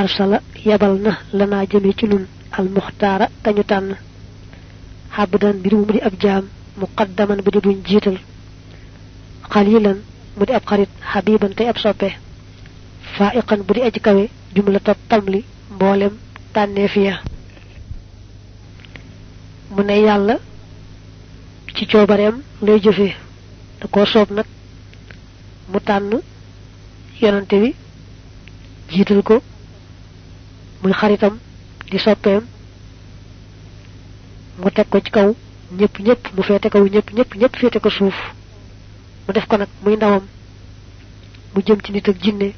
arsala yabal na lana jeme ci nun al muhtara tañu tan habdan bi mu di ab jam muqaddaman bi di jital qalilan xalilan mu di ab xarit habiban tey ab soppe fa'iqan bu di kawe jumla ta tamli mboolem tànneef ya mu ne yàlla ci coobareem lay jëfe da ko nak mu tan yonante bi jital ko muy xaritam di soppeem mu teg ko ci kaw ñëpp ñëpp mu féete kaw ñëpp ñëpp ñëpp féete ko suuf mu def ko nag muy ndawam mu jëm ci nit ak jinne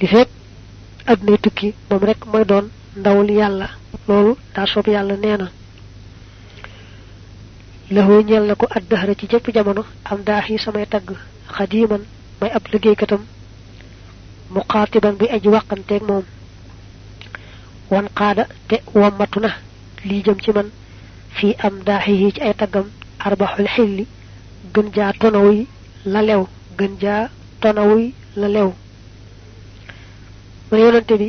li fekk aduna tukki moom rek mooy doon ndawul yàlla loolu daa sopp yàlla nee na lahu ñel na ko addahra ci jëpp jamono am daax yi samay tagg xadiiman may ab liggéeykatam muqaatiban bi aji waqanteeg moom wan xaada te wammatu na lii jëm ci man fii am daaxihi ci ay taggam arbaxul xilli gën jaar tonawuy la lew gën jaa tonawuy la lew ma yonante bi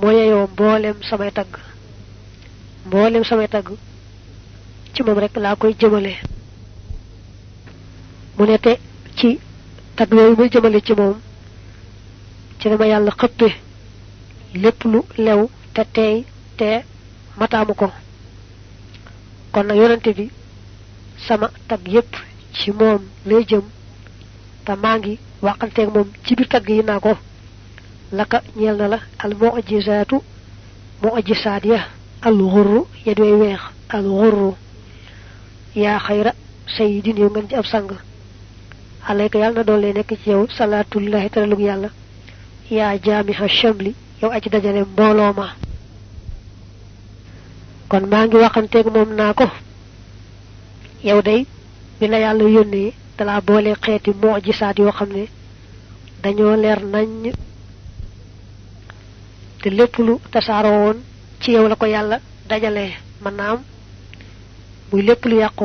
moo yeyoo mbooleem samay tagg mboolem samay tagg ci moom rek laa koy jëmale mu ne te ci tagg yooyu may jëmale ci moom ci dama yàlla xëppe lépp lu lew te teey te mataamu ko kon nag yonante bi sama tagg yépp ci moom lay jëm te maa ngi waxanteeg moom ci biir tagg yi naa ko laka ñeel na la al mu'jizaatu mu'jizaat ya al xurru ya doy weex al xurru yaa xayra sayyidin yow ngeen ci ab sang alayka yàlla na doole nekk ci yow salaatullahi taralug yàlla yaa jaamiha shamli yow aji dajale mbolo ma kon ma ngi waxante ak mom nako yow day bi la yàlla dala bolé xéti xeeti yo xamné xam ne dañoo leer nañ te lépp lu tasaaroo won ci yow la ko yalla dajalee manam muy lépp lu yàq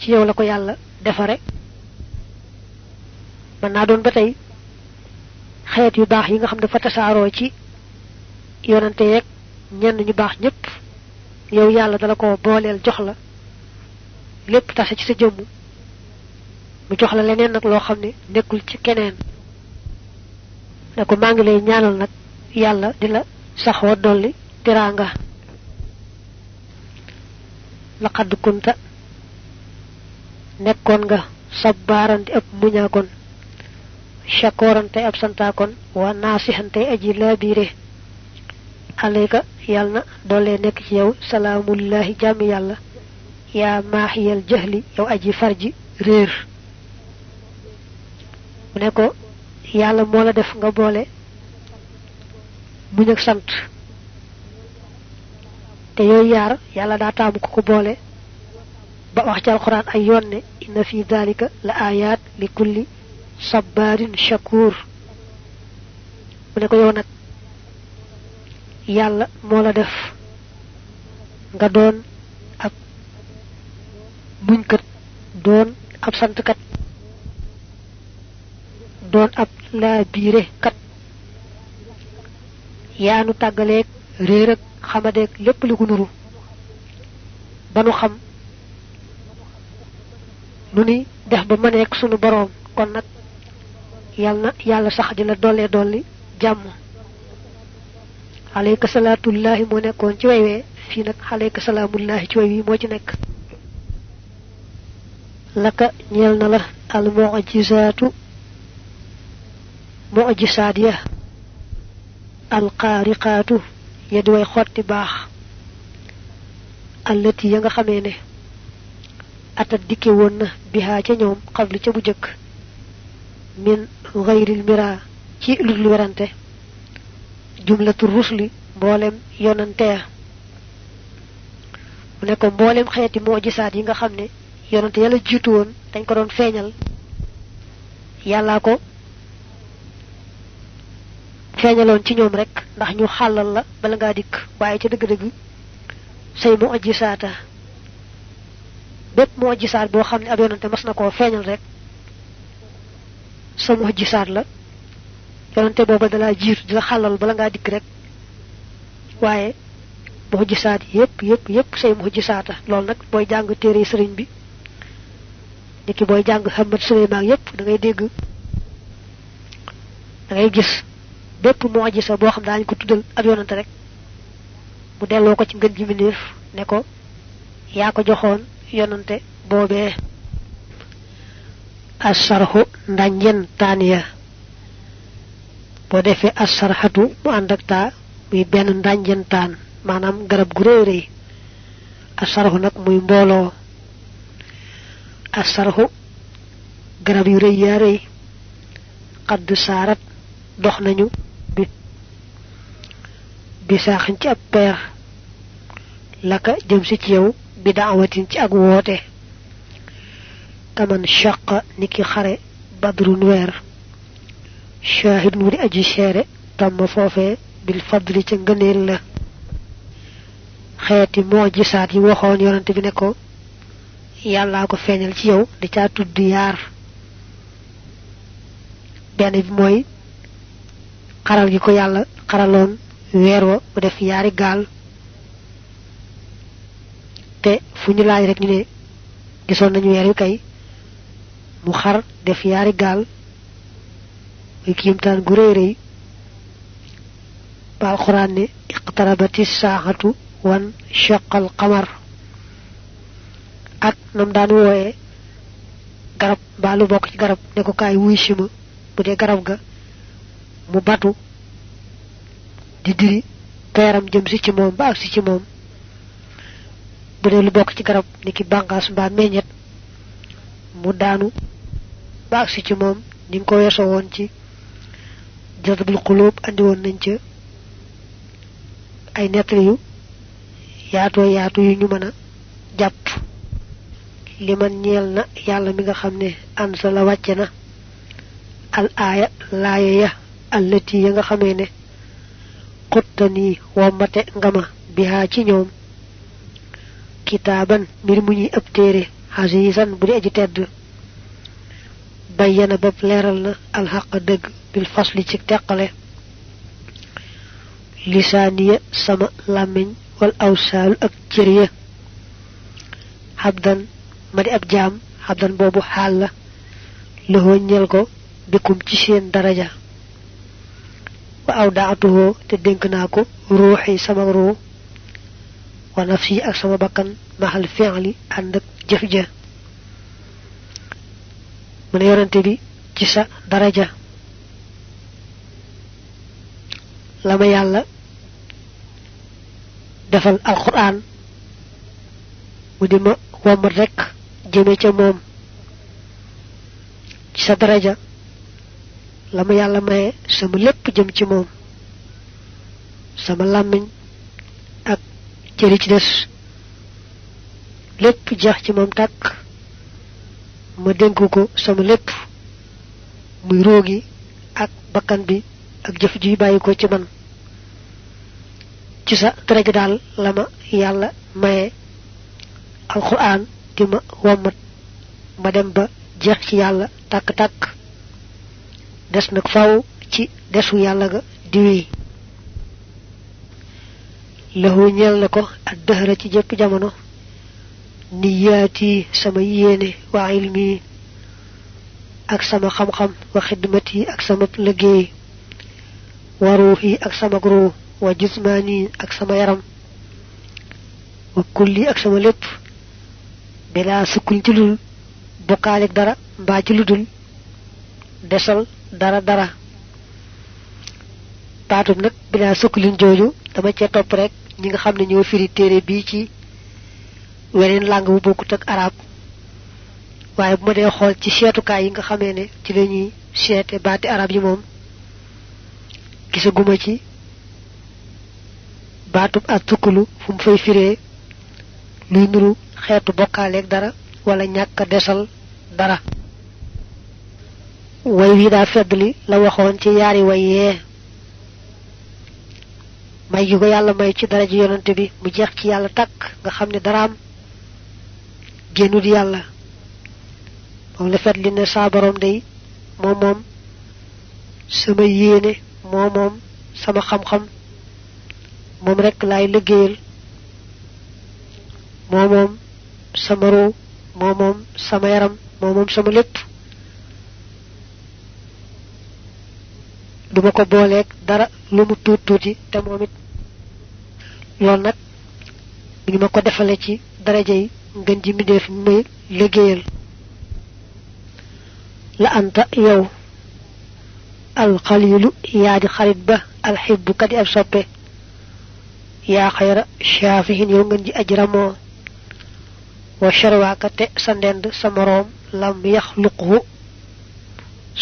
ci yow la ko yàlla defare man na doon batay xeet yu baax yi nga xam fa tasaaroo ci yonante yeeg ñenn ñu baax ñëpp yow yàlla dala ko booleel jox la lépp tase ci sa jëmm mu jox la leneen nag loo xam ne nekkul ci keneen ne ko maa ngi lay ñaanal nag yàlla di la saxoo dolli laqad kunta nekkoon nga sabbaaran di ab shakooran tey ab santaakon waa naasihan aji laabiire alayka yàlla na doole nekk ci yow salaamullahi jàmm yàlla yaa maaxiyal jahli yow aji farji réer mu ne ko yàlla moo la def nga boole muñ ak sant te yooyu yaar yàlla daa taamu ko ko boole ba wax ci alxuraan ay yoon inna fi daalika la aayaat li kulli sabarin shakur mu ne ko yow nag yàlla moo la def nga doon ab muñkat doon ab santkat doon ab laabiire kat yaanu tàggaleeg réer ak xamadeeg lépp li ko nuru ba nu xam nu ni def ba sunu boroom kon nag yalna yalla sax dina dolé dolli jamm alayka llahi mo nekkon ci waywe fi nak alayka llahi ci waywi mo ci nek laka ñel na la al mu'jizatu mu'jizat ya al qariqatu ya di way allati ya nga xamé ne atat dikke won biha ca ñoom qablu ca bu jëk min ghayril mira ci lu werante jumlatu rusli mbolem yonante ya mu ne ko mbolem xeyati mojisat yi nga xamne yonante yalla jitu won dañ ko don feñal yalla ko feñalon ci ñoom rek ndax ñu xalal la bala nga dik waye ci deug deug say mojisata bepp mojisat bo xamne ab yonante mas na ko feñal rek sa mujjisaat la yonante booba dalaa jiir di la xàllal bala ngaa dikk rek waaye mujjisaat yépp yépp yépp say saata loolu nag booy jàng téere sëriñ bi ni ki booy jàng Ahmad Suleymaan yépp da ngay dégg da ngay gis bépp mujjisa boo xam daañu ko tuddal ab yonante rek mu delloo ko ci ngën gi mbindéef ne ko yaa ko joxoon yonante boobee asarxu ndañeen taaniya boo defee asarxatu mu ànd ak taa muy benn ndañeen taan maanaam garab gu rëy rëy asarxu nag muy mbooloo asarxu garab yu rëy yaa rëy xadd saarat dox nañu bi bi saaxin ci ab peer laka jëm ci yow bi daawatin ci ak woote kaman shaqa niki xare badrun weer shahidun wu di aji seere tàmm foofee bil fadli ca ngëneel la xeeti moo gisaat yi waxoon yonante bi ne ko yàllaa ko feeñal ci yow da caa tudd yaar benn bi mooy xaral gi ko yàlla xaraloon weer wa mu def yaari gaal te fu ñu laaj rek ñu ne gisoon nañu weer wi kay mu xar def yaari gaal muy kiimtaan gu rëy ba alquran ne iqtarabati saaxatu wan shaqal qamar ak nam daan wooye garab garap lu bokk ci garab ne ko kaay wuy si garab ga mu batu di diri peeram jëm si ci moom ba ak si ci moom bu dee lu bokk ci garab ni ki bànqaas mbaa meññet mu daanu baax ci moom ni ko yeso woon ci jadbul qulub andi woon nañ ca ay nettali yu yaato yaatu yu ñu mën a jàpp liman ñeel na yàlla mi nga xam ne wàcce na al aaya laaya ya allati ya nga xamee ne xottani wommate ngama bihaa ci ñoom kitaaban mbir mu ñuy azizan bu di aji tedd bayyana bab leral na al haqq deug bil fasli ci tekkale lisaniya sama lamiñ wal awsal ak ciriya habdan madi ab jam habdan bobu hal la lo ñel ko bikum ci seen daraja wa awda'atuhu te denk nako ruhi sama ruh wa nafsi ak sama bakkan mahal fi'li and ak jëf ja mu yonante bi ci sa daraja lama yalla defal alquran mudima wa ma rek jeme ca mom ci sa daraja lama yalla maye sama lepp jëm ci mom sama ak cëri ci des lepp jeex ci mom tak ma denk ko sama lepp muy rogi ak bakkan bi ak jëf ji bayiko ci man ci sa tere dal lama yalla maye alquran di ma ma dem ba jeex ci yalla tak tak des nak faaw ci desu yalla ga diwi lahu ñel nako ak dehra ci jëpp jamono niyaati sama yéene waa ilmi ak sama xam-xam wa xidmati ak sama liggéey wa ruuxi ak sama ruu wa jismaani ak sama yaram wa kulli ak sama lépp bilaa sukkul ci lul bokkaalik dara mbaa ci lu dul desal dara dara baatum nag bilaa sukkulin jooju dama cee topp rek ñi nga xam ne ñoo firi téere bii ci weneen lang bu bokut ak arab waye bu ma dee xol ci kay yi nga xamé né ci lañuy ñuy baati arab yi moom gisaguma ci baatub ak tukkulu fu mu fay firé luy nuru bokalé ak dara wala ñaka desal dara way wi da feddli la waxon ci yaari waye may yu ko yalla may ci dara ji yonent bi mu jeex ci yalla tak nga xamni dara génnut yalla moom la fet li ne sa borom day mom mom sama yene mom mom sama xam-xam mom rek lay liggeel mom mom sama ro mom mom sama yaram mom mom sama lepp duma ko booleeg dara lu mu tut tuti te momit lool nak ni ci yi ngeen ji def mi may liggéeyal la anta yow al alxaliilu yaa di xarit ba al alxibbu kadi ab soppe yaa xayra shaafihin yow ngeen ji aj ramoo wa sharwaaka te sa ndend sa moroom lam yaxluqhu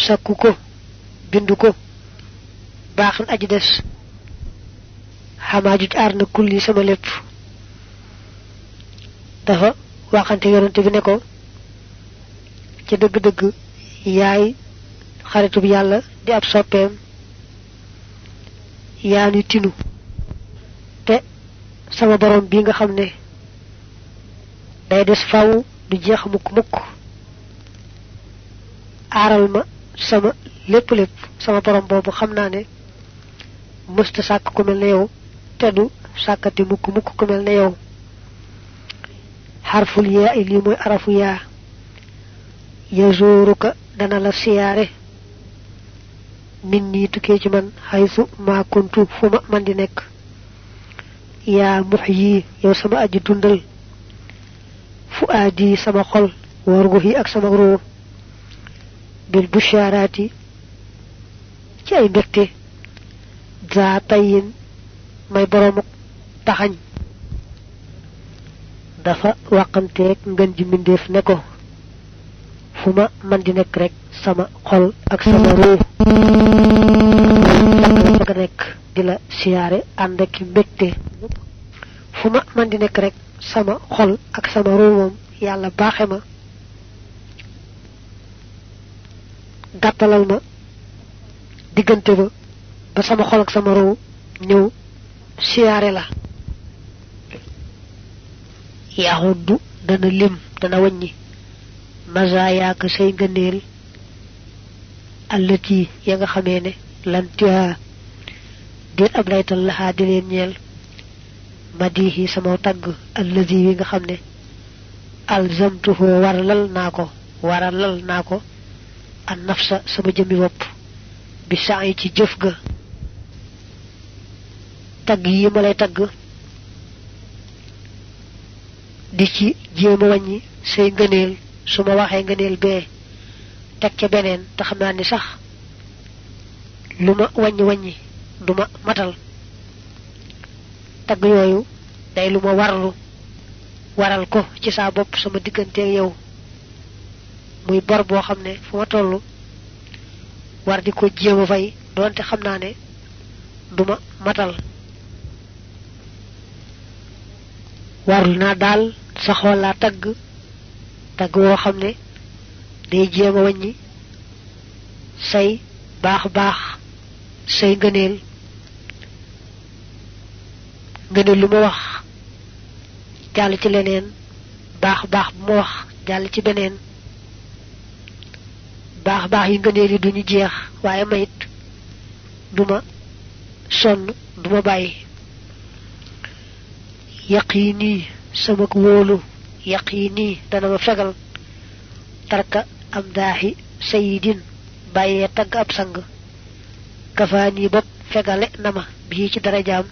sakku ko bindu ko baaxin aji des xamaa juj aar na kulli sama lépp dafa waxante yonent bi ne ko ci dëgg dëgg yaay xaritub yàlla di ab soppeem yaa tinu te sama borom bi nga xam ne day des faw du jeex mukk mukk aaral ma sama lépp lépp sama borom boobu xam naa ne mësta sàkk ku mel ne yow te du sàkkati mukk mukk ku mel yow Harfulia ya in li mooy arafu ya yazuruka dana la siyaare min nii ci man xaysu ma kuntu fuma man di nek ya muhyi yow ya sama aji dundal fu aji sama xol wargu yi ak sama ro bil busharati ci ay mbégte za may boromuk taxagn dafa waxamteeg ngeen ji mindeef ne ko Fuma man di nek rek sama xol ak sama ru rek dila di ande ki ànd fuma man di nek rek sama xol ak sama ru mom yalla baxema ma gàttalal ma diggante ba ba sama xol ak sama ru ñew siyaare la yaxuddu dana lim dana wàññi mazaayaaka say ngëneel allati ya nga xamee ne lantiha déet ab laytal laxaa di leen ñeel madihi sama tagg allati wi nga xam ne alzamtuhu waralal naa ko waralal naa ko an nafsa sama jëmmi bopp bi saa yi ci jëf ga tagg yi ma lay tagg di ci jema wàññi sey ngëneel suma waxe waxee be sah luma benen tax na ni sax lu duma matal tag yoyu day luma warlu waral ko ci bop suma sama yau yow muy bor bo xam fu war di ko jema fay donte xamna ne duma matal warna dal saxoo laa tagg tagg woo xam ne day jéem a wàññi say baax baax say ngëneel ngëneel lu ma wax jàll ci leneen baax baax bu ma wax jàll ci beneen baax baax yi ngëneel yi duñu jeex waaye mayit duma sonn duma bàyyi yaqini sama wolu yaqini dana ma fegal tarka amdahi sayyidin baye tag ab sang kafani bop fegalé nama bi ci dara jam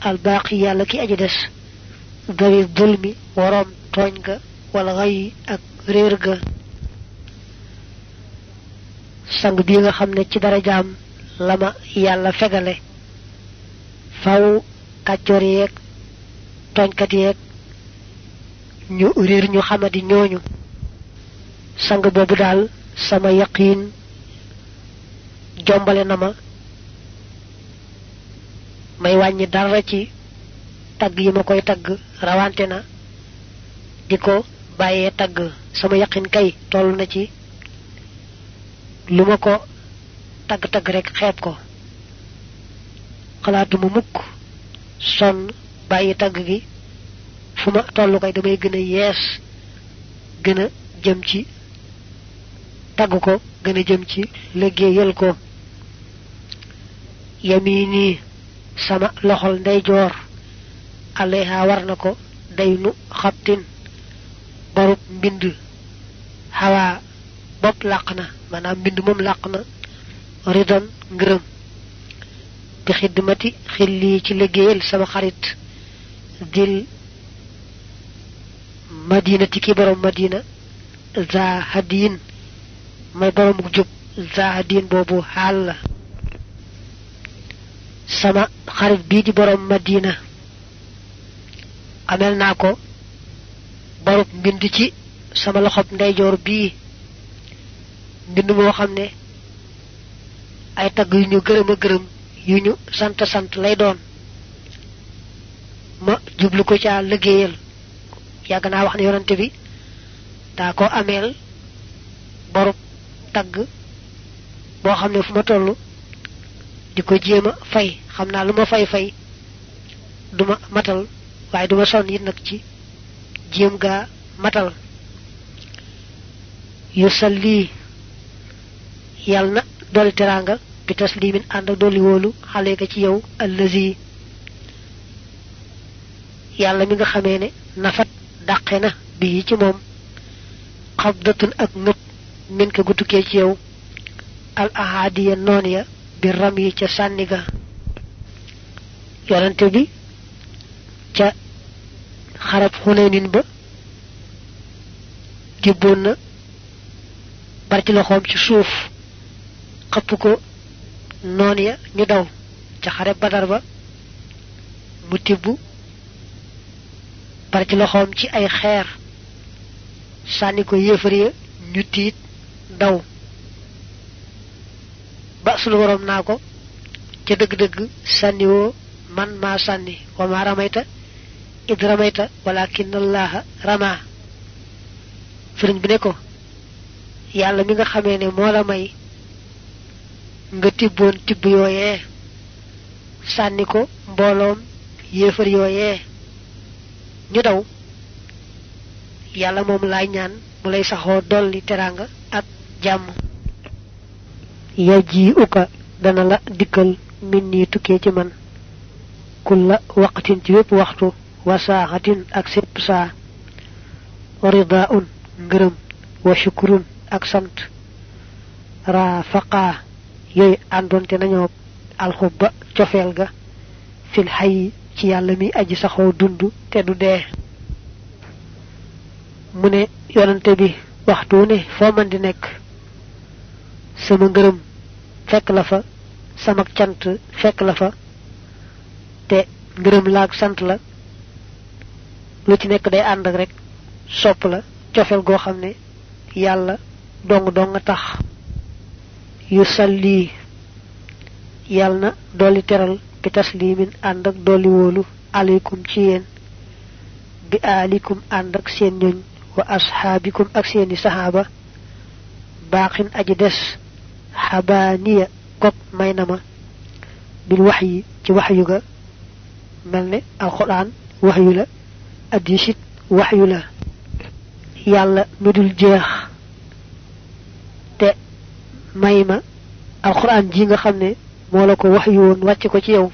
al baqi yalla ki aji dess dawi dulmi warom togn ga wala gay ak reer ga sang bi nga xamne ci dara jam lama yalla fegalé faw kacor tooñkat yeeg ñu réer ñu xamadi ñooñu sang boobu daal sama yaqiin jombale na ma may wàññi dara ci tagg yi ma koy tagg rawante na di ko bàyyee tagg sama yaqin kay toll na ci lu ma ko tagg-tagg rekk xeeb ko xalaatuma mukk sonn bàyyi tagg gi fu ma tollu koy damay gën yees gën jëm ci tagg ko gën a jëm ci yël ko yamini sama loxol ndeyjoor alayha war na ko daynu xabtin borub mbind xawaa bopp làq na maanaam mbind moom làq na ridon ngërëm bi xidmati xilli ci liggéeyal sama xarit dil madinati ki borom madina za hadiin mooy boromuk jub za hadiin boobu xaal la sama xarit bii di borom madina amel naa ko borub mbind ci sama loxob ndeyjoor bii mbind moo xam ne ay tagg yu ñu gërëm gërëm yu ñu sant sant lay doon ma jublu ko caa liggéeyal yàgg naa wax ne yonante bi daa ko ameel borub tagg boo xam ne fu ma toll di ko jéem a fay xam naa lu ma fay fay duma matal waaye duma sonn yi nag ci jéem gaa matal yu salli yàlla na dolli teraanga bi taslimin ànd ak dolli wóolu xale ka ci yow allazi yàlla mi nga xamee ne nafat dàqe na bii ci moom xabdatun ak nut min gu tukkee ci yow al ahadiya noon ya bi ram yi ca sànni ga yonante bi ca xarab xunenin ba jibboon na bar ci loxoom ci suuf xëpp ko noon ya ñu daw ca xare badar ba mu tibb pare ci loxom ci ay xeer sani ko yéefar ya, ñu tiit daw ba sunu worom nako ci deug deug sani wo man ma sani wa ma ramayta id ramayta walakin allah rama sëriñ bi ne ko yalla mi nga xamé ne mo la may nga tibbon tibb yoyé sani ko mbolom yoyé ñu daw yalla mom la ñaan mu lay at dolli teranga ak jàmm yaji uka dana la dikkal min nii ci man kulla waqtin ci wep waxtu wa saaxatin ak sépp sa ridaun ngërëm wa shukrun ak sant rafaqa yooyu al nañoo alxubba cofeel ga fil hayy ci yàlla mi aji saxoo dund te du dee mu ne yonante bi waxtu ne foo man di nekk sama ngërëm fekk la fa sama cant fekk la fa te ngërëm laag sant la lu ci nekk day ànd ak rek sopp la cofeel goo xam ne yàlla dong dong nga tax yu lii yàlla na dolli teral bi taslimin andak doli wolu alaykum ci yeen bi alikum andak seen wa ashabikum ak seeni sahaba. baqin aji des habaniya. kok maynama bil wahyi cewahyu ci wahyu ga melne alquran wahyu la adishit wahyu la yalla mi jeex te mayma alquran ji nga xamne moo la ko wax yoon wàcc ko ci yow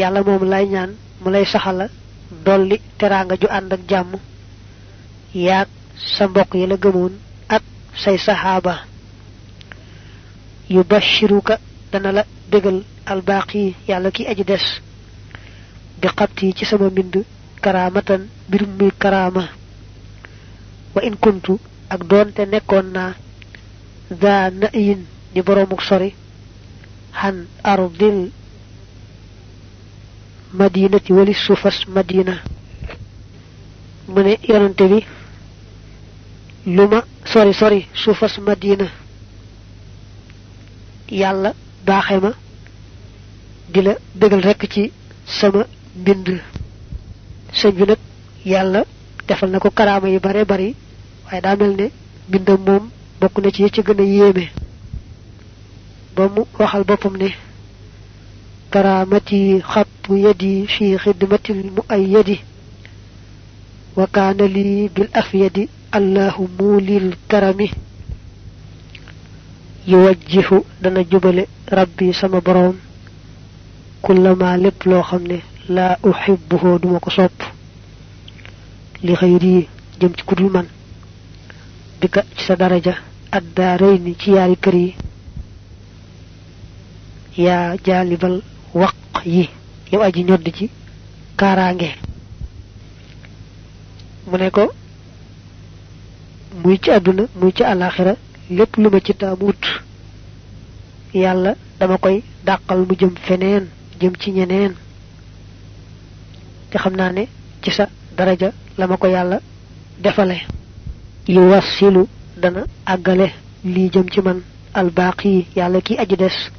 yàlla moom lay ñaan mu lay saxala dolli teranga ju ànd ak jàmm yaag sa mbokk yi la gëmoon ak say saxaaba yu bashiruka dana la bégal albaaqi yàlla ki aji des bi xabti ci sama mbind karaamatan mbir karaama wa in kuntu ak doonte nekkoon naa daa na yin di boromuk sori xan ardil madinati wali suufas madina mu ne yonante bi lu ma sori sori suufas madina yàlla baaxe ma di la bégal rekk ci sama mbind sëñ bi yàlla defal na ko karaama yi bare bari waaye daa mel ne mbindam moom bokk na ci yi ci gën a yéeme ba mu waxal boppam ne karaamati xattu yadi fi xidmatil muayyadi wa kaana lii bil afyadi allahu muulil karami yuwajjihu dana jubale rabbi sama boroom kullama lépp loo xam ne laa uxibbuhu duma ko sopp li xëyri jëm ci kudul man bika ci sa daraja ad daarayni ci yaari kër yi ya jalibal waq yi yow aji ñodd ci karange mu ne ko muy ci aduna muy ci alakhirah lepp luma ci tabut yalla dama koy dakal mu jëm feneen jëm ci ñeneen te xamna ne ci sa daraja lama ko yalla defale yuwassilu dana agale li jëm ci man al baqi yalla ki aji dess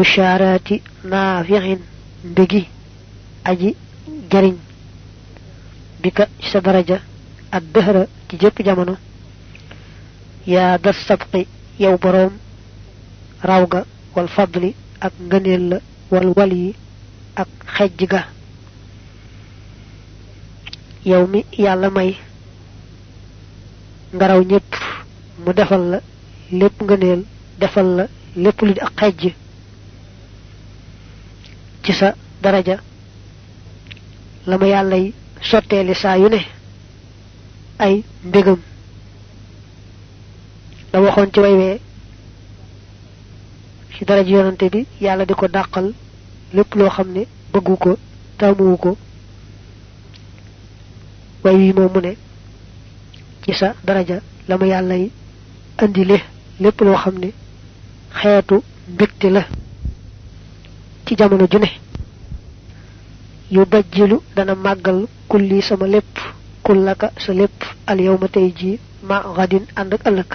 bushaaraati naafixin mbégi aji jariñ bi ka ci sa daraja ak dëhëra ci jëpp jamono yaa das sabqi yow boroom raw ga wal fadli ak ngëneel la wal wal yi ak xejj ga yow mi yàlla may nga raw ñépp mu defal la lépp ngëneel defal la lépp lu di ak xejj ci sa daraja la ma yàllay sotteeli saa yu ne ay mbégam la waxoon ci way wee ci daraja yonante bi yàlla di ko dàqal lépp loo xam ni bëggu ko taamuwu ko way wi moom mu ne ci sa daraja la ma yàllay andile lépp loo xam ni xeetu mbégte la ci jamono ju ne yu dajjilu dana màggal kulli sama lépp kullaka sa lépp al yawma tey ma gadin ànd ak ëllëg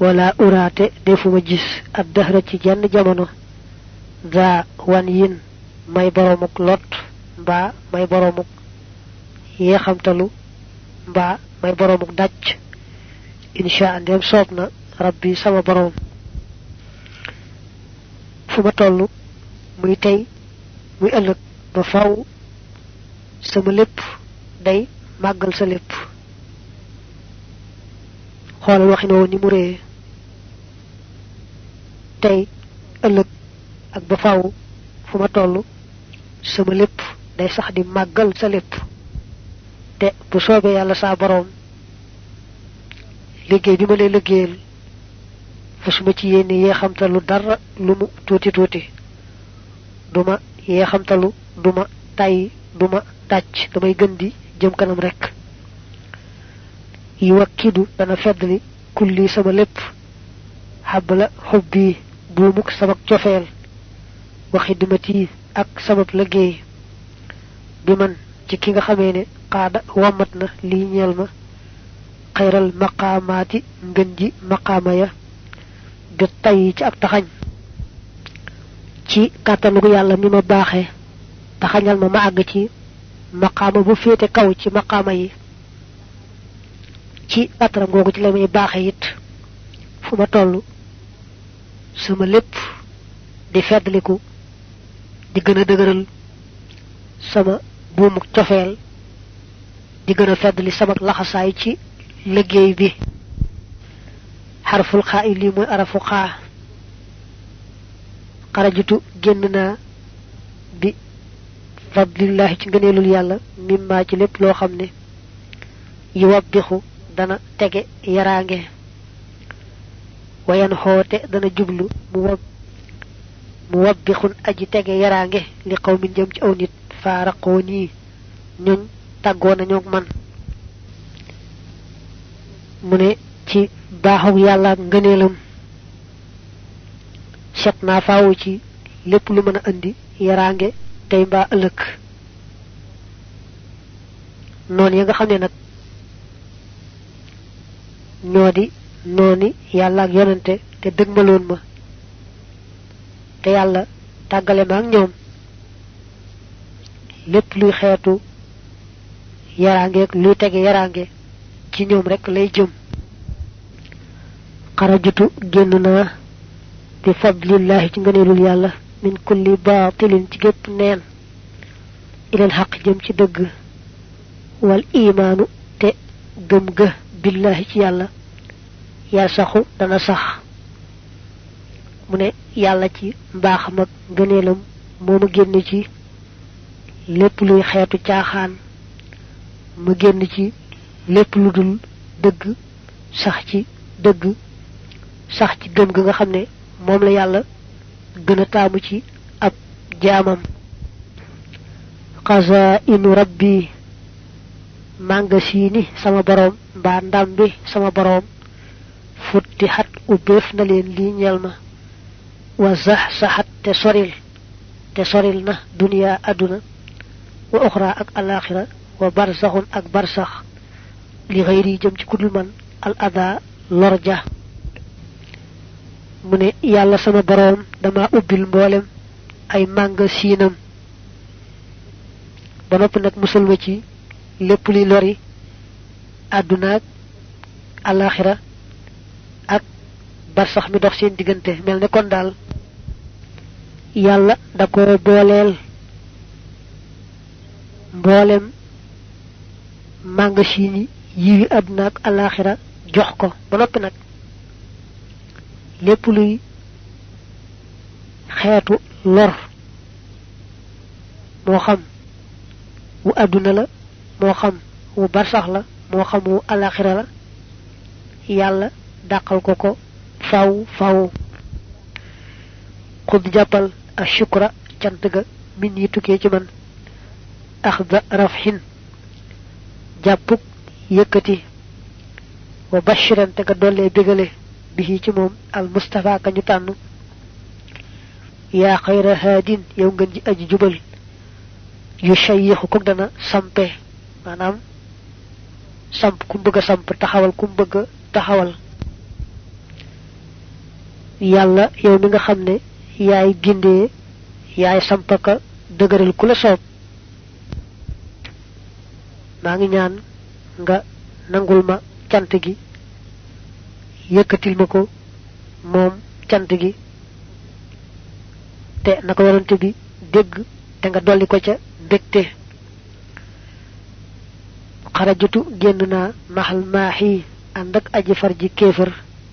wala uraate defuma gis ad dahra ci jenn jamono da wan yin may boromuk lot ba may boromuk yeexamtalu ba may boromuk dacc insha allah soob rabbi sama borom ma toll muy tey muy ëllëg ba faw sama lépp day màggal sa lépp xoolal waxi na ni mu réyee tey ëllëg ak ba faw fu ma toll sama lépp day sax di màggal sa lépp te bu soobee yàlla saa boroom liggéey bi ma lay liggéeyal su fasuma ci yéen yeexamtalu dara lu mu tuuti tuuti duma yeexamtalu duma tàyyi duma tàcc damay gën di jëm kanam rekk yi wakkidu dana feddli kulli sama lépp xabala xob bii buumuk sabak cofeel wa xidmati ak sabab liggéey bi man ci ki nga xamee ne xaada wàmmat na lii ñeel ma xayral maqaamaati ngën ji maqaama ya bi tay ci ak taxañ ci kàttanugu yàlla mi ma baaxee taxañal ma ma àgg ci maqaama bu féete kaw ci maqaama yi ci kàttanam googu ci la may baaxe it fu ma toll sama lépp di feddliku di gën a dëgëral sama buumuk cofeel di gën a feddli sama laxasaay ci liggéey bi xarful xaa i lii mooy arafu xaa xarajitu génn naa bi fadlillahi ci ngëneelul yàlla mimma ci lépp loo xam ne yi wabbixu dana tege yaraange wayan xoote dana jublu mu wab mu wabbixun aji tege yaraange li xaw min jëm ci aw nit faaraqoo nii ñoñ tàggoo nañoog man mu ne ci baaxug yàlla ak ngëneelam set naa faawu ci lépp lu mën a indi yaraange tey mbaa ëllëg noonu ya nga xam ne nag ñoo di nooni yàlla ak yonante te dëgmaloon ma te yàlla tàggale ma ak ñoom lépp luy xeetu yaraange luy tege yaraange ci ñoom rekk lay jëm xarajutu génn na bi fadlillaahi ci ngëneelul yàlla min kulli baatilin ci gépp neen ilal xaq jëm ci dëgg wal imaanu te gëm ga billaahi ci yàlla yar saxu dana sax mu ne yàlla ci mbaaxam ak ngëneelam moo génn ci lépp luy xeetu caaxaan ma génn ci lépp lu dul dëgg sax ci dëgg sax ci gëm gi nga xam ne moom la yàlla gën a taamu ci ab jaamam xasa inu rabbi mànga siini sama boroom mbaa ndam bi sama boroom futti xat ubbeef na leen lii ñel ma wa sax saxat te soril te soril na duniyaa àdduna wa oxra ak alaaxira wa barsaxun ak barsax li xëyri jëm ci kudul man al ada mune yalla sama borom dama ubil mbollem ay mànga sinam ba nopp nak musul ma ci lepp li lori ak alaxira ak barsax mi dox seen diggante mel kon dal yalla da ko bolel mbollem mànga siin yi aduna ak jox ko ba nopp nak lépp luy xeetu lor moo xam wu àdduna la moo xam wu barsax la moo xam wu alaxira la yàlla dàqal ko ko faw faw xud jàppal a shukra cant ga min yi tukkee ci man axda rafhin jàppuk yëkkati wa bashiran te ga dollee bégale bihi ci moom al mustafa ka ñu tànn yaa xayra haadin yow ngeen ji aji jubal yu shayyixu ko dana sampe maanaam samp ku mu bëgg samp taxawal ku mu bëgg taxawal yàlla yow mi nga xam ne yaay gindee yaay sampaka dëgëral ku la soob maa ngi ñaan nga nangul ma cant gi yëkkatil ma ko moom cant gi te naka warante bi dégg te nga dolli ko ca mbégte xarajutu génn naa maxal maaxi ànd ak aji far ji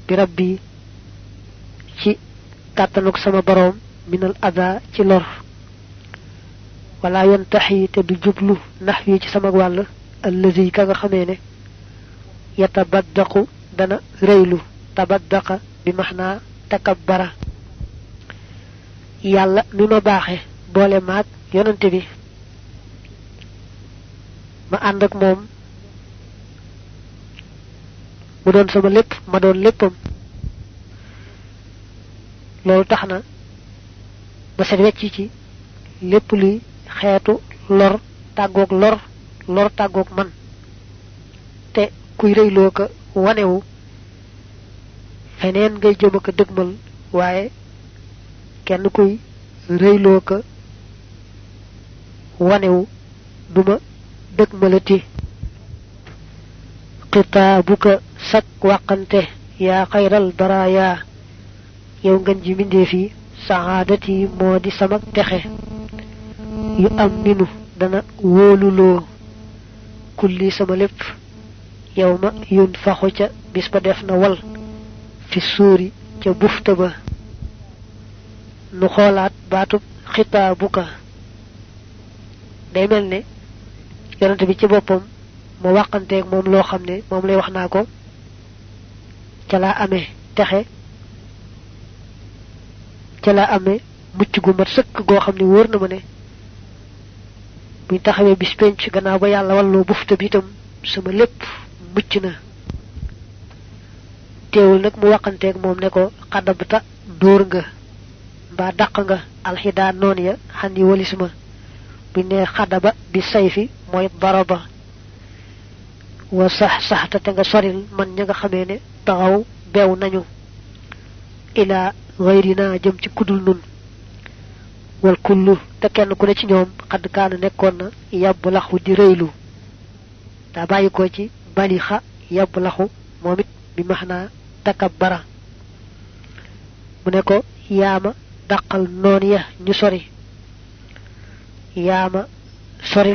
bi rabbi ci kàttanuk sama boroom minal ada ci lor wala yantaxi te du jublu nax wi ci sama wàll allazi ka nga xamee ne yatabaddaqu dana rëylu tabaddaqa bi maxnaa bara yàlla mi ma baaxe boole maag yonante bi ma ànd ak moom mu doon sama lépp ma doon léppam loolu tax na ma set wecc ci lépp luy xeetu lor tàggoog lor lor tàggoog man te kuy rëyloo ka wanewu feneen ngay jëm ak dëgmal waaye kenn kuy rëyloo ko wanewu duma dëgmalati xitaabuka sak wàqante yaa xayral baraaya yow ngeen ji mbindéef yi saxaadati moo di sama texe yu am minu dana wóoluloo kulli sama lépp yawma yunfaxu ca bis ba def na wal fi suuri ca bufta ba nu xolaat baatub xitaabuka day mel ne yonent bi ci boppam mu wàqanteeg moom loo xam ne moom lay wax naa ko ca laa amee texe ca laa amee mucc gu mat sëkk goo xam ne wóor na ma ne buñ taxawee bis penc gannaaw ba yàlla walloo bufta bi itam sama lépp mucc na teewul nag mu ak moom ne ko xadabta dóor nga mbaa dàq nga alxidaa noon ya xan yi walis bu ne xadaba bi sayfi mooy wa sax te nga soril man ña nga xamee ne taxaw beew nañu ila gayrina jëm ci kudul nun wal kullu te kenn ku ne ci ñoom xad kaana nekkoon na yàbb laxu di rëylu daa bàyyi ko ci Baliha, yablahu momit bi mahna takabbara mu ne ko yaama ya ñu sori yaama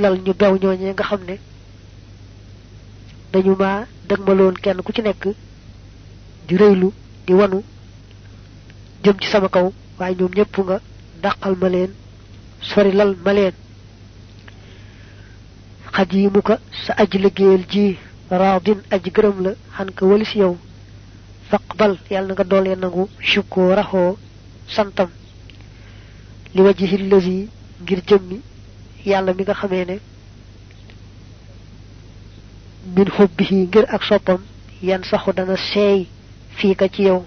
lal ñu bew ñooñe nga xamne dañu ma dëgmaloon kenn ku ci nekk di reylu di wanu jëm ci sama kaw waaye ñoom ñepp nga dakal ma leen lal ma leen xajiimuka sa aji ji raadin aji gërëm la xan ka walis yow faqbal yàlla na nga doole nangu sukkoo raxoo santam li wajhi lazi ngir jëmmi yàlla mi nga xamee ne min hubbihi ngir ak soppam yan saxu dana seey fii ka ci yow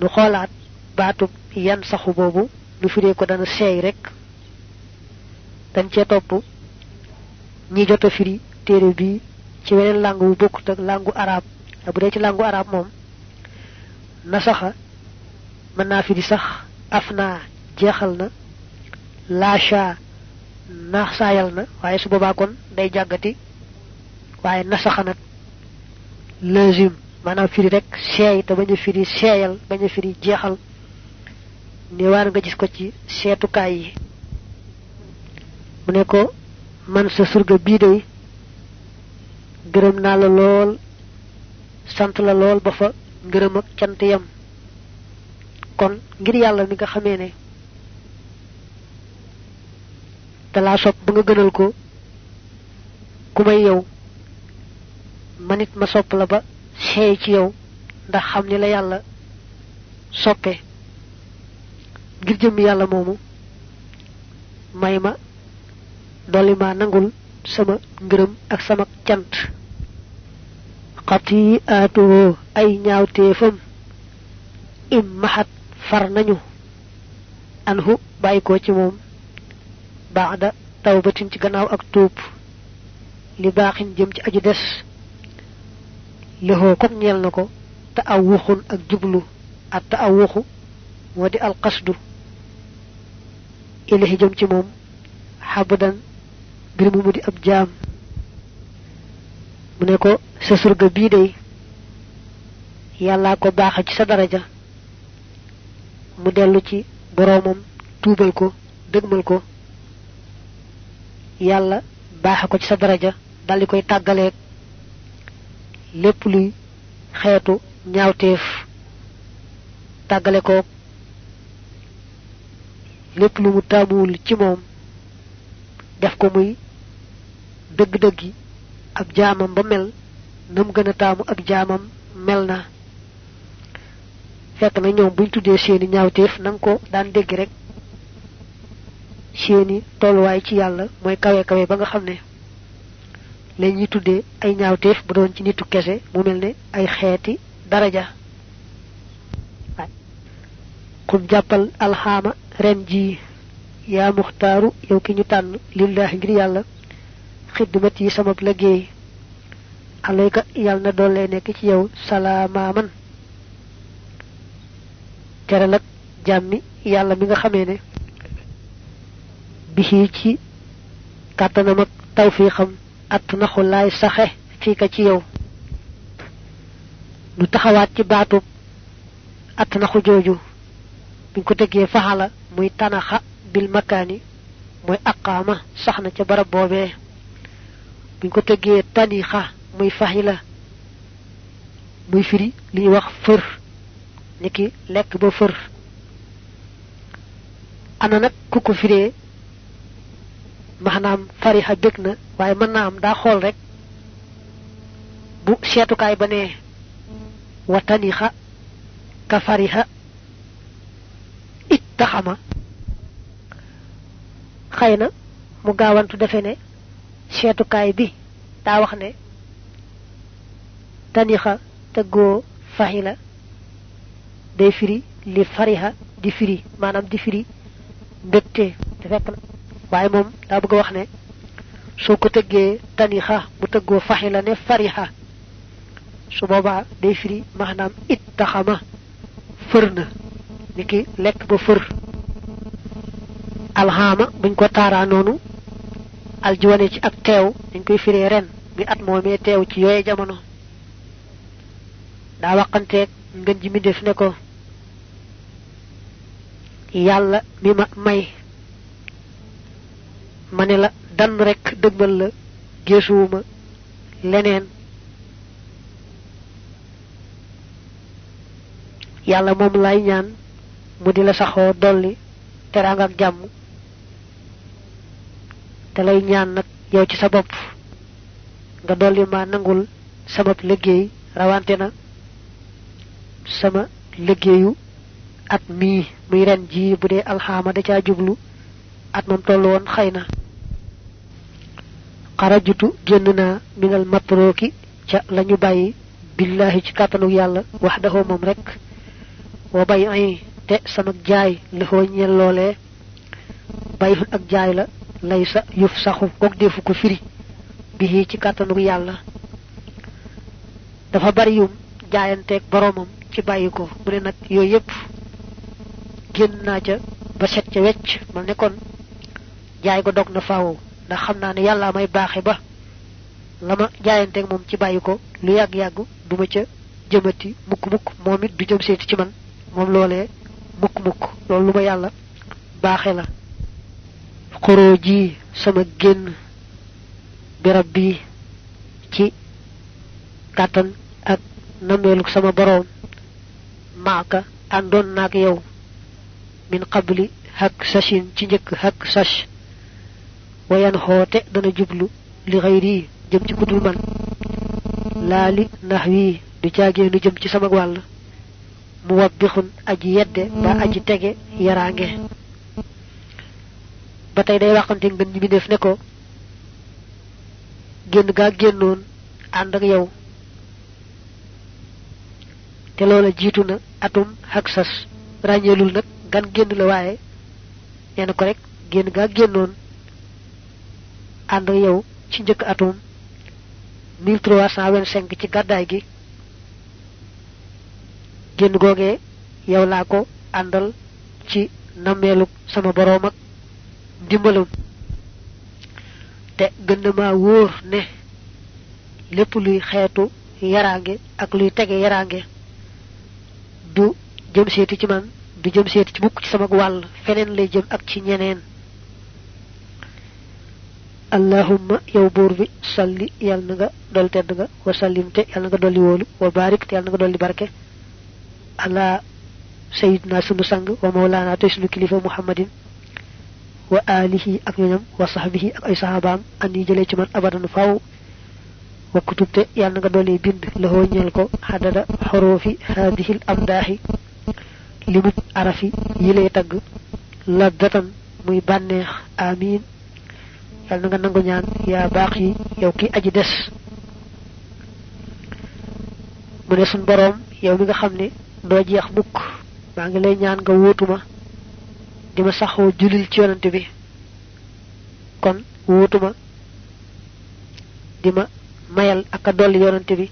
nu xoolaat baatub yan saxu boobu nu firee ko dana seey rek dañ cee topp ñi jot a firi téere bii ci wéne langue langgu ak langue arab bu dé ci langue arab mom nasaxa man na fi di sax afna jeexal na lasha naax saayal na su boba kon day jagati, waaye nasaxa nak lazim fi di rek ta bañu fi di firi bañu fi di firi ni war nga gis ko ci kay yi mu ne ko man sa surga bi day gërëm naa la lool sant la lool ba fa ngërëm ak cant yam kon ngir yàlla mi nga xamee ne dalaa sopp ba nga gënal ko ku may yow manit ma sopp la ba xeey ci yow ndax xam ni la yàlla soppe ngir jëm yàlla moomu may ma nangul sama ngërëm ak sama cant xati'atuhu ay ñaawteefam immahat far nañu anhu bàyyikoo ci moom baada tawbatin ci gannaaw ak tuub li baaxin jëm ci aju des lexoo kon ñeel na ko ta awuxun ak jublu at ta awuxu moo al alqasdu ilahi jëm ci moom xabadan mu ab jam mu ne ko sa surga bii day yàllaa ko baaxal ci sa daraja mu dellu ci boroomam tuubal ko dëgmal ko yàlla baaxe ko ci sa daraja di koy tàggaleek lépp luy xeetu ñaawteef tàggale ko lépp lu mu taamuwul ci moom def ko muy dëgg-dëggi ab jaamam ba mel nam gën a taamu ak jaamam mel na fekk na ñoom buñ tuddee seeni ñaawteef na nga ko daan dégg rek seeni tolluwaay ci yàlla mooy kawe kawe ba nga xam ne la ñuy tuddee ay ñaawteef bu doon ci nitu kese mu mel ne ay xeeti dara daraja xum jàppal alxaama ren ji yaa muxtaaru yow ki ñu tànn lillahi ngir yàlla xidmat yi sama liggéey alayka yal na dole nek ci yow man teral nak jammi yalla mi nga xamee ne bisi ci katana mak tawfiixam at sahe laay saxé fi ka ci yow du taxawat ci baatub at naxu joju biñ ko tegee faxala muy tanaxa bil makani muy aqama saxna ci barab bobé ko tanixa muy fahila muy firi li wax fër niki lek ba fër ana nag ku ko firee fariha bég na waaye mën am daa xool rek bu seetukaay ba nee wa tanixa ka fariha ittaxama xëy mu gaawantu bi daa wax ne tanixa te goo faxila day firi li fariha di firi maanaam di firi mbégte te fekk na waaye moom daa bëgg a wax ne soo ko tëggee tanixa mu tëggoo faxila ne fariha su boobaa day firi maanaam it taxama fër na ni ki lekk ba fër alxaama buñ ko taaraa noonu aljiwane ci ak teew dañ koy firee ren mi at moomee teew ci yooye jamono daa waxanteeg ngën ji mi def ne ko yàlla mi ma may ma dan rek dëgmal la geesuwuma leneen yàlla moom lay ñaan mu di la saxoo dolli teraang ak jàmm te lay ñaan nag yow ci sa bopp nga ma nangul sabab liggéey rawante na sama liggéeyu at mi muy ren ji bu dee da caa jublu at mam tollu woon xëy na xarajutu génn minal matrooki ca la ñu bàyyi billahi ci kàttanu yàlla wax daxoo rek wa bay ay te sama jaay la xoo ñel loolee ak jaay la lay sa yuf saxu kook defu ko firi bi ci kàttanu yàlla dafa bari yum jaayanteeg boromam ci bayiko mu ne nak yoy yep genna ca ba set ca wetch mal ne kon jaay ko dog na faaw ndax xamna ne may baxé ba lama ak mom ci bayiko lu yag yàgg duma ca jëmati mukk-mukk momit du jëm seeti ci man mom lolé mukk-mukk lolou luma yalla baxé la sama genn bi rabbi ci katan ak namelu sama borom maaka àndoon naag yow min qabli hak sashin ci njëkk hak sash wayan xoote dana jublu li xayri jëm ci kudul man laali ndax wii du caageenu jëm ci sama wàll mu wabbixun aji yedde ba aji tege yaraange ba tey day waxante ngën mi def ne ko génn gaa génnoon ànd ak yow te loola jiitu na atum haksas ràññeelul nag gan génn la waaye nee ko rek génn gaa génnoon ànd ak yow ci njëkk atum 1325 ci gàddaay gi génn googee yow laa ko àndal ci nammeelu sama boroom ak ndimbalam te gën na maa wóor ne lépp luy xeetu yaraange ak luy tege yaraange du jëm seeti ci man du jëm seeti ci mukk ci sama wàll feneen lay jëm ak ci ñeneen allahumma yow buur bi salli yàlla na nga dolli tedd nga wa sallim te yàlla na nga dolli wóolu wa barik te yàlla na nga dolli barke ala sayidna sunu sang wa mawlaana sunu kilifa muhammadin wa alihi ak ñoñam wa sahbihi ak ay sahabaam an yi jëlee ci man abadan faaw wa kutubte yalla nga doli bind la hoñal ko hadada hurufi hadhihi al amdahi limu arafi yi lay tag la datan muy amin yalla nga nangu ñaan ya baqi yow ki aji dess mu ne sun borom yow mi nga xamne do jeex mukk ma ngi lay ñaan nga wotuma dima saxo julil ci yonante bi kon wotuma dima mayal ak dolli yonante bi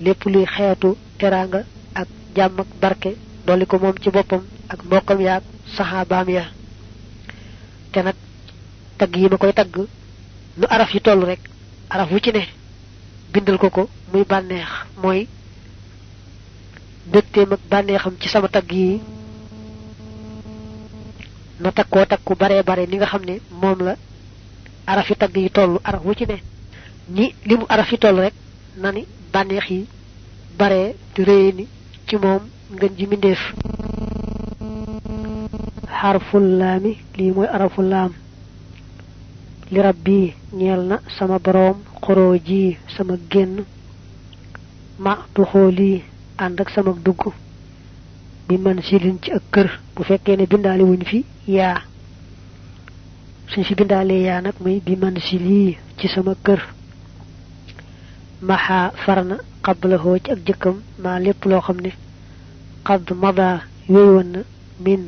lepp luy xeyatu teranga ak jàmm ak barke dolli ko ci bopam ak mbokkam ya ak ya te nag tagg yi makoy tag nu araf yi tollu rek araf wu ci ne bindal ko ko muy banex moy mbégteem ak banexam ci sama tag yi na takko takku bare bare ni nga xamne mom la araf yi tag yi tollu araf wu ci ne ni limu ara fi tol rek nani banex yi bare di reye ni ci mom ngeen ji mindeef harful laami lii araful lam li rabbi ñeel sama borom xoroo sama genn ma xoli and ak sama dugg bi man silin ci ak kër bu fekke ne bindale wuñ fi ya suñ fi bindale ya nak muy bi man sili ci sama kër maxaa farna la ci ak jëkkam maa lépp loo xam ne xad mada yooyu na min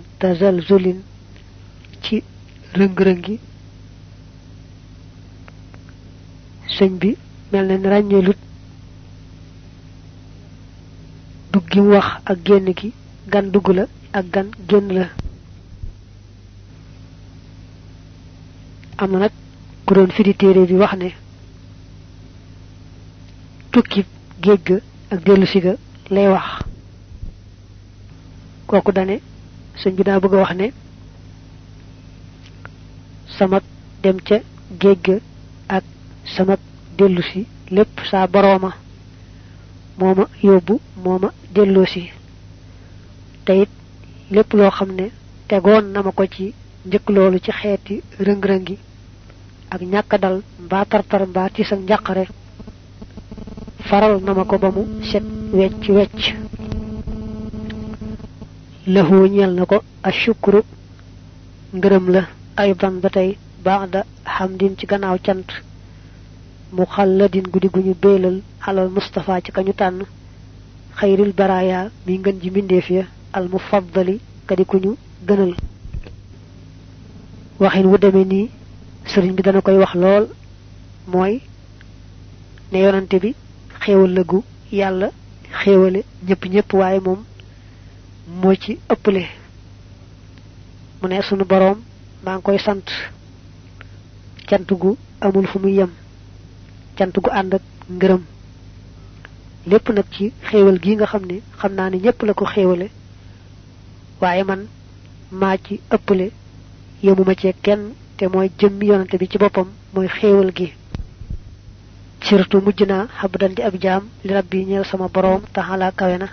ci rëng-rëngi sëñ bi mel na ni ràññeelut dugg gi mu wax ak génn gi gan dugg la ak gan génn la am nag ku doon firi téere bi wax ne tukki géej ga ak dellusi ga lay wax kooku dane sëñ bi daa bëgg wax ne sama dem ca géej ga ak sama dellusi lépp saa borooma moo ma yóbbu moo delloosi te it lépp loo xam ne tegoon na ma ko ci njëkk loolu ci xeeti rëng-rëngi ak ñàkk dal mbaa tartar mbaa ci sa njàqare faral na ma ko ba mu set wecc wecc lahu ñeel na ko ashukru ngërëm la aydan ba tey baada xamdin ci gannaaw cant mu xalladin guddi gu ñu béelal alal Mustafa ci kañu tànn xayril baraaya mi ngën ji mbindeef ya al kadi ku ñu gënal waxin wu demee nii sëriñ bi dana koy wax lool mooy ne yonante bi xéewal la gu yàlla xéewale ñëpp ñëpp waaye moom moo ci ëpple mu ne sunu boroom maa ngi koy sant cant gu amul fu muy yem cant gu ànd ak ngërëm lépp nag ci xewal gi nga xam ni xam naa ne ñëpp la ko xéewale waaye man maa ci ëpple yemuma cee kenn te mooy jëmm yonante bi ci boppam mooy xéewal gi sirtu mujjina habdan di ab jam li rabbi ñeel sama borom taala kawena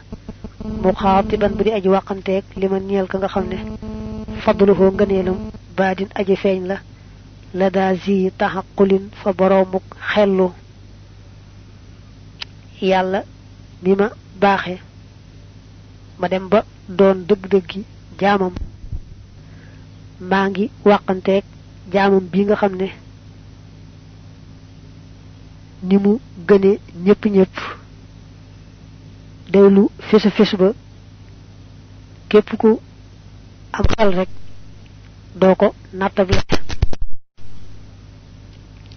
mu khatiban aji waxante ak liman ñeel ka nga xamne fadluhu ganeelum badin aji feñ la la da zi tahaqqulin fa boromuk xellu yalla bima baxé ma dem ba doon deug deug jaamam maangi waxante ak jaamam bi nga xamne ni mu gëne ñëpp ñëpp day lu fés a ba képp ku am xel rek doo ko nattable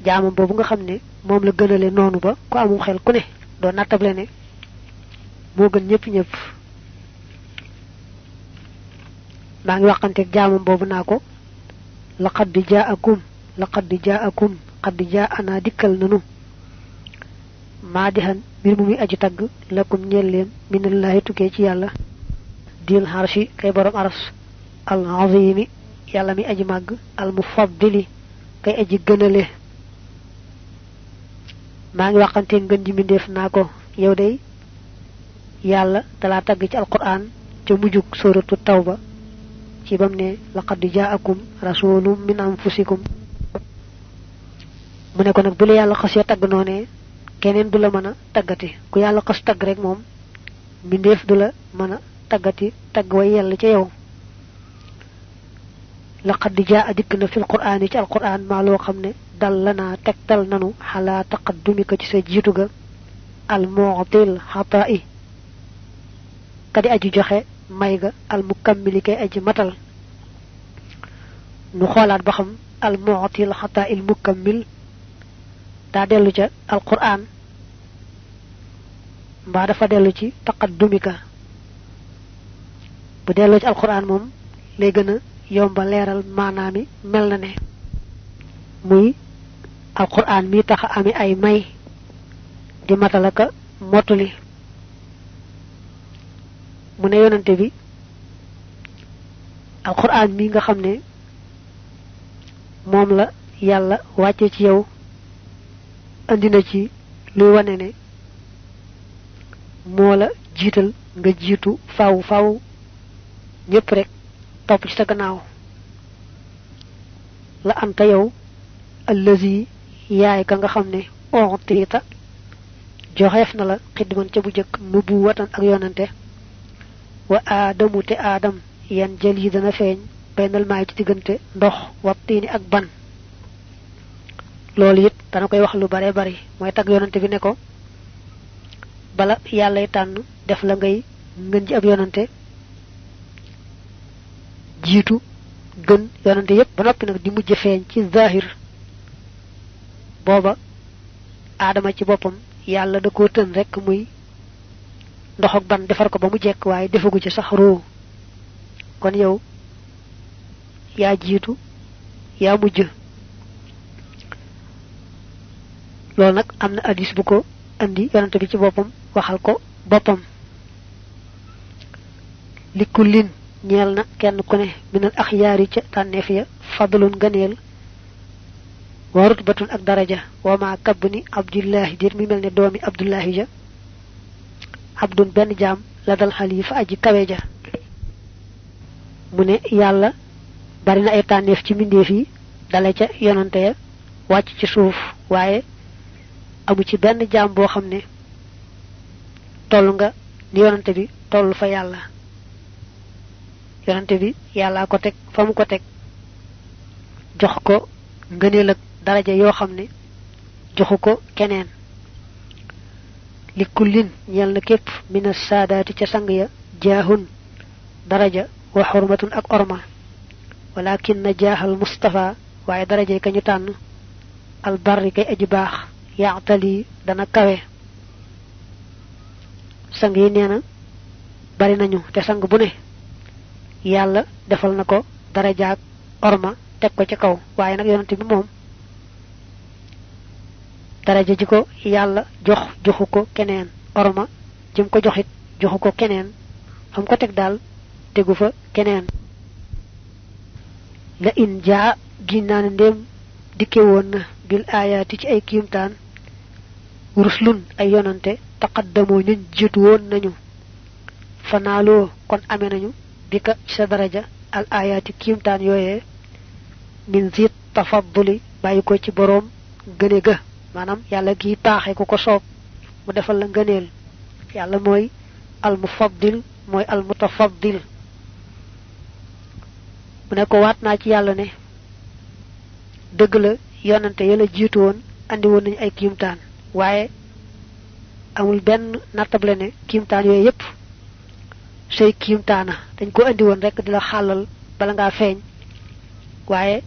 jaamam boobu nga xam ne moom la gënale noonu ba ku amum xel ku ne doo nattable ne moo gën ñëpp ñëpp maa ngi waxanteeg jaamam boobu naa ko laqad di jaa akum laqad di jaa akum qad dikkal nanu madihan bir mu muy aji tagg lakum ñeel leen minallahi tukkee ci yàlla dil harshi kay borom aras al azimi yàlla mi aji màgg al mufaddili kay aji gënale maa ngi waxante ngën ji mindeef naa ko yow day yàlla dala tagg ci alquran ca mujug suratu tawba ci bam ne laqad jaakum rasulun min anfusikum mu ne ko nag bu la yàlla xasee tagg noonee keneen du mana tagati, a taggati ku yàlla xas tagg rek moom mbindeef du la mën a taggati tagg way yàlla ca yow laqad jaa dikk na fil qur'aani ci al maa loo xam ne dal lana tegtal nanu xalaa taqaddumika ci sa jiitu ga almu'til xataa'i kadi aju joxe may ga almukammili kay aji matal nu xoolaat ba xam almu'til xataa'il mukammil daa dellu ca mbaa dafa dellu ci taqaddumika bu delloo ci alxuraan moom lay gën yomba leeral maanaami mel na ne muy alquran mi tax ami ay may di matalaka mottuli mu ne yonante bi alquran mi nga xam ne moom la yàlla wàcce ci yow andi na ci luy wane ne moo la jiital nga jiitu faaw faw ñépp rek topp ci sa gannaaw la anta yow allazi yaay ka nga xam ne ontiita joxeef na la xidman ca bu jëkk nubu watan ak yonante wa aadamu te aadam yan jël yi dana feeñ baynal maay ci diggante ndox wattiini ak ban loolu it dana koy wax lu bare bari mooy tag yonante bi ne ko bala yi tànn def la ngay ngën ci ab yonante jiitu gën yonante yépp ba noppi nag di mujj feeñ ci zahir booba aadama ci boppam yàlla da koo tën rek muy ndox ak ban defar ko ba mu jekk waaye defagu ci sax roo kon yow yaa jiitu yaa mujj loolu nag am na bu ko andi yonante bi ci boppam waxal ko boppam li kullin ñeel na kenn ku ne al akhyari ca tànneef ya fadlun ganeel wa rutbatun ak daraja wa ma kabni abdullah dir mi melne ne doomi abdullahi ja abdun ben jam la dal khalifa aji kawe ja mune yàlla bari na ay tanef ci minde fi dale ca yonante ya wàcc ci suuf waye amu ci ben jam bo xamne tollu nga di yonante bi tollu fa yalla yonante bi yalla ko tek famu ko tek jox ko ak daraja yo xamne joxuko keneen li kullin ñeel na képp ca sang ya jahun daraja wa hurmatun ak orma walakin na mustafa wa daraja ka tan al barri kay aji bax yaatali dana kawe sang yi neena bari nañu te sang bu ne yalla defal nako dara jaak orma tek ko ci kaw waye nak yonante bi mom dara ko yalla jox joxuko keneen orma jim ko joxit joxuko keneen tegufa ko tek dal tegu fa keneen la in ja ginnaane dem dikewon bil ayati ci ay kimtan ruslun ay yonante taqaddamu ñu jitu won nañu fanalo kon amé nañu bika sa daraja al ayati kimtan yoyé min zit tafadduli bayiko ci borom gëne ga manam yalla gi taxé ko ko sopp mu defal la ngëneel yalla moy al mufaddil moy al mutafaddil mu ne ko wat na ci yalla ne deug la yonante yalla jiitu won andi won nañu ay kimtan waye amul benn nattable ne kiimtaan yooyu yépp say kiimtaana dañ ko andi woon rek di la xàllal bala ngaa feeñ waaye